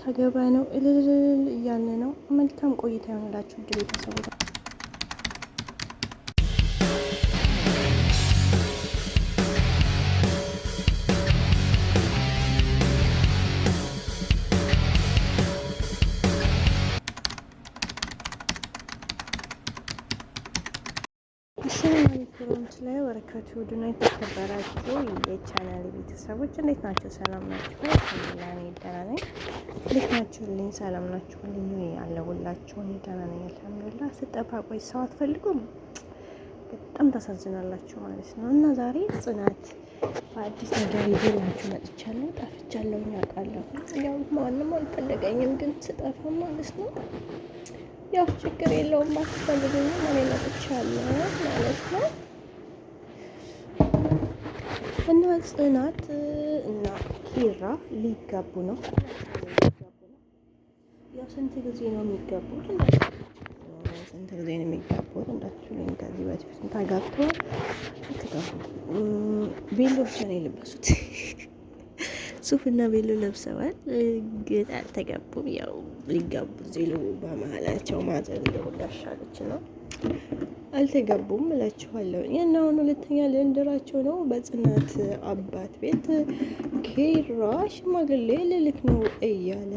ልታገባ ነው እልል እያልን ነው። መልካም ቆይታ ይሆንላችሁ ውድ ቤተሰቦች። በረከቱ ድና የተከበራችሁ የቻናል ቤተሰቦች እንዴት ናቸው? ሰላም ናችሁ? ላኔ ደህና ነኝ። እንዴት ልኝ ሰላም ናችሁልኝ? አለሁላችሁ። እኔ ደህና ነኝ አልሐምዱሊላህ። ስጠፋ ቆይ ሰው አትፈልጉም? በጣም ታሳዝናላችሁ ማለት ነው። እና ዛሬ ጽናት በአዲስ ነገር ይዤላችሁ መጥቻለሁ። ጠፍቻለሁ አውቃለሁ። ያው ማንም አልፈለገኝም፣ ግን ስጠፋ ማለት ነው ያው ችግር የለውም። አትፈልጉኝም፣ እኔ መጥቻለሁ ማለት ነው። እና ጽናት እና ኪራ ሊጋቡ ነው። ያው ስንት ጊዜ ነው የሚጋቡት? ስንት ጊዜ ነው የሚጋቡት እንዳትሉኝ ከዚህ በፊት ተጋብቶ ቤሎች ነው የለበሱት። ሱፍና ቤሎ ለብሰዋል፣ ግን አልተጋቡም። ያው ሊጋቡ ዜሎ በመሀላቸው ማዘን ሊሆን ዳሻለች ነው አልተገቡም እላችኋለሁ። እና አሁን ሁለተኛ ልንድራቸው ነው። በጽናት አባት ቤት ኬራ ሽማግሌ ልልክ ነው እያለ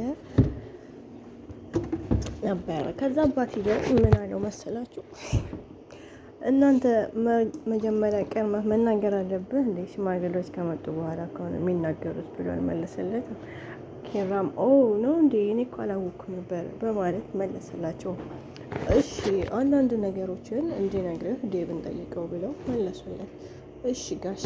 ነበረ። ከዛ አባትየው ምን አለው መሰላችሁ? እናንተ መጀመሪያ ቀርመህ መናገር አለብህ እንዴ ሽማግሌዎች ከመጡ በኋላ ከሆነ የሚናገሩት ብሎ መለሰለት። ኬራም ኦ ነው እንዴ እኔ እኮ ነበር በማለት መለሰላቸው። እሺ አንዳንድ ነገሮችን እንዲነግርህ ዴብን ጠይቀው ብለው መለሱለት። እሺ ጋሽ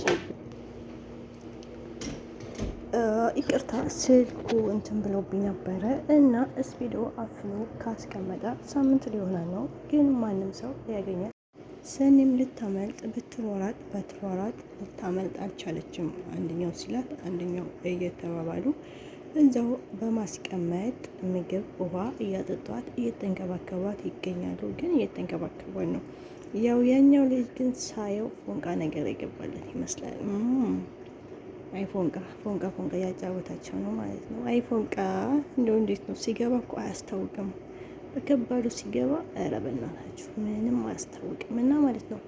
ይቅርታ ስልኩ እንትን ብሎብኝ ነበረ እና ስፒዶ አፍኖ ካስቀመጠ ሳምንት ሊሆነ ነው፣ ግን ማንም ሰው ያገኛል። ሰኒም ልታመልጥ ብትሯራጥ በትሯራጥ ልታመልጥ አልቻለችም። አንደኛው ሲላት አንደኛው እየተባባሉ እዛው በማስቀመጥ ምግብ፣ ውሃ እያጠጧት እየተንከባከቧት ይገኛሉ። ግን እየተንከባከቧት ነው። ያው ያኛው ልጅ ግን ሳየው ፎንቃ ነገር የገባለት ይመስላል። አይ ፎንቃ ፎንቃ ፎንቃ ያጫወታቸው ነው ማለት ነው። አይ ፎንቃ እንደው እንዴት ነው ሲገባ እኮ አያስታውቅም። በከባዱ ሲገባ ኧረ በእናታችሁ ምንም አያስታውቅም። እና ማለት ነው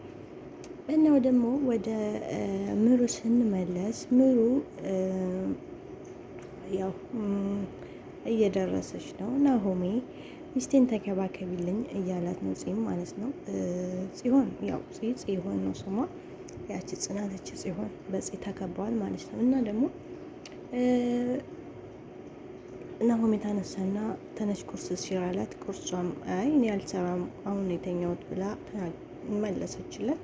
እናው ደግሞ ወደ ምሩ ስንመለስ ምሩ ያው እየደረሰች ነው። ናሆሜ ሚስቴን ተከባከቢልኝ እያላት ነው ጽም ማለት ነው። ጽሆን ያው ጽሆን ነው ስሟ። ያቺ ጽናትች ጽሆን በጽ ተከበዋል ማለት ነው። እና ደግሞ ናሆሜ ታነሳና ተነች ቁርስ ሲራላት ቁርሷም አይ እኔ አልሰራም አሁን የተኛሁት ብላ መለሰችለት።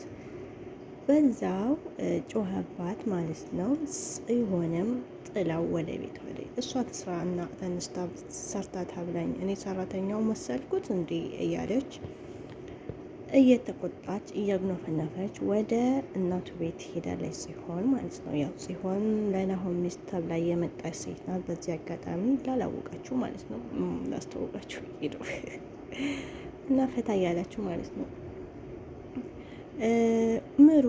በዛው ጮኸባት ማለት ነው። ጽዮንም ጥላው ወደ ቤት ወደ እሷ እና ተነስታ ሰርታ ታብላኝ እኔ ሰራተኛው መሰልኩት እንዴ እያለች እየተቆጣች እያጉነፈነፈች ወደ እናቱ ቤት ሄዳለች። ሲሆን ማለት ነው ያው ሲሆን ለናሆም ሚስት ተብላ የመጣች ሴት ናት። በዚህ አጋጣሚ ላላወቃችሁ ማለት ነው ላስተዋወቃችሁ ሄደው እና ፈታ እያላችሁ ማለት ነው ምሩ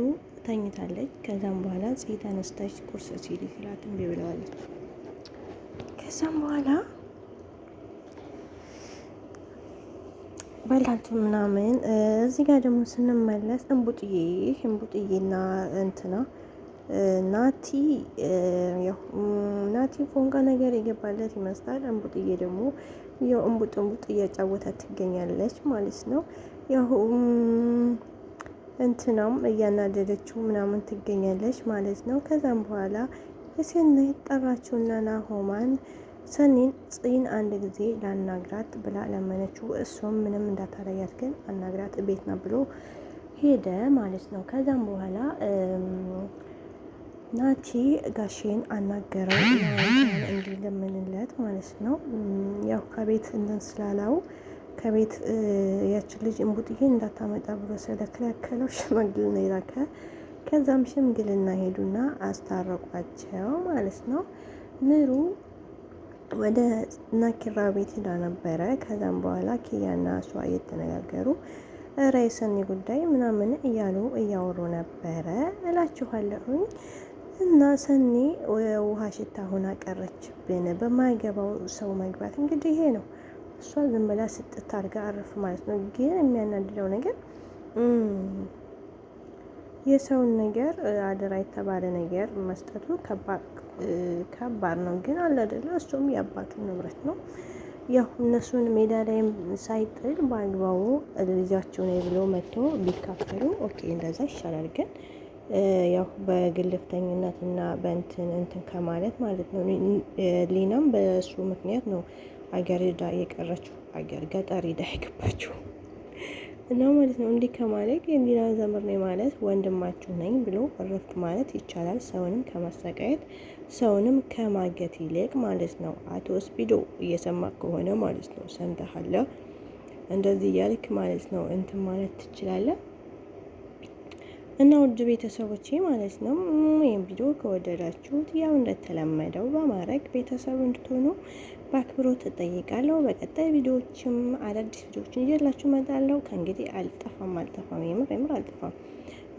ተኝታለች። ከዛም በኋላ ጽ ተነስታች ቁርስ ሲል ስላት እምቢ ብለዋለች። ከዛም በኋላ በላቱ ምናምን እዚህ ጋር ደግሞ ስንመለስ እንቡጥዬ እንቡጥዬና እንትና ናቲ ናቲ ፎንቃ ነገር የገባለት ይመስላል። እንቡጥዬ ደግሞ ያው እንቡጥ እንቡጥ እያጫወታት ትገኛለች ማለት ነው ያው እንትናም እያናደደችው ምናምን ትገኛለች ማለት ነው። ከዛም በኋላ የሰናይት ጠራችውና ናሆማን ሰኒን ጽን አንድ ጊዜ ላናግራት ብላ ለመነችው። እሱም ምንም እንዳታረያት ግን አናግራት ቤት ነው ብሎ ሄደ ማለት ነው። ከዛም በኋላ ናቲ ጋሼን አናገረው እንዲለምንለት ማለት ነው። ያው ከቤት እንትን ስላላው ከቤት ያችን ልጅ እንቡጥዬ እንዳታመጣ ብሎ ስለከለከለው ሽማግሌን የላከ ከዛም ሽምግልና ሄዱና አስታረቋቸው ማለት ነው። ምሩ ወደ ናኪራ ቤት ሄዳ ነበረ። ከዛም በኋላ ኪያና እሷ እየተነጋገሩ ኧረ የሰኒ ጉዳይ ምናምን እያሉ እያወሩ ነበረ እላችኋለሁኝ። እና ሰኒ ውሃ ሽታ ሆና ቀረችብን። በማይገባው ሰው መግባት እንግዲህ ይሄ ነው። እሷ ዝም ብላ ስጥት አድርጋ አረፍ ማለት ነው። ግን የሚያናድደው ነገር የሰውን ነገር አደራ የተባለ ነገር መስጠቱ ከባድ ነው። ግን አለ አይደለ እሱም የአባቱ ንብረት ነው። ያው እነሱን ሜዳ ላይ ሳይጥል በአግባቡ ልጃቸው ነው ብሎ መጥቶ ቢካፈሉ ኦኬ፣ እንደዛ ይሻላል። ግን ያው በግልፍተኝነት እና በእንትን እንትን ከማለት ማለት ነው። ሊናም በእሱ ምክንያት ነው አገር ሄዳ የቀረችው አገር ገጠር ሄዳ የገባችው እና ማለት ነው። እንዲህ ከማለቅ የሚና ዘመር ነኝ ማለት ወንድማችሁ ነኝ ብሎ እረፍት ማለት ይቻላል። ሰውንም ከማሰቃየት ሰውንም ከማገት ይልቅ ማለት ነው። አቶ ስፒዶ እየሰማ ከሆነ ማለት ነው ሰምተሃለ። እንደዚህ እያልክ ማለት ነው እንትን ማለት ትችላለህ። እና ውድ ቤተሰቦቼ ማለት ነው ይህም ቪዲዮ ከወደዳችሁት ያው እንደተለመደው በማድረግ ቤተሰብ እንድትሆኑ በአክብሮት እጠይቃለሁ። በቀጣይ ቪዲዮዎችም አዳዲስ ቪዲዮዎችን እየላችሁ እመጣለሁ። ከእንግዲህ አልጠፋም አልጠፋም፣ የምር የምር አልጠፋም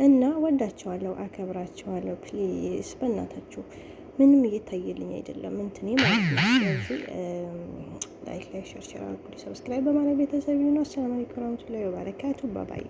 እና ወዳቸዋለሁ፣ አከብራቸዋለሁ። ፕሊስ በእናታችሁ ምንም እየታየልኝ አይደለም እንትኔ ማለት ነው። ስለዚህ ላይክ ላይ ሸርሸር አርጉ፣ ሰብስክራይብ በማለት ቤተሰብ ይሁኑ። አሰላም አለይኩም ወራህመቱላሂ ወበረካቱ። ባባይ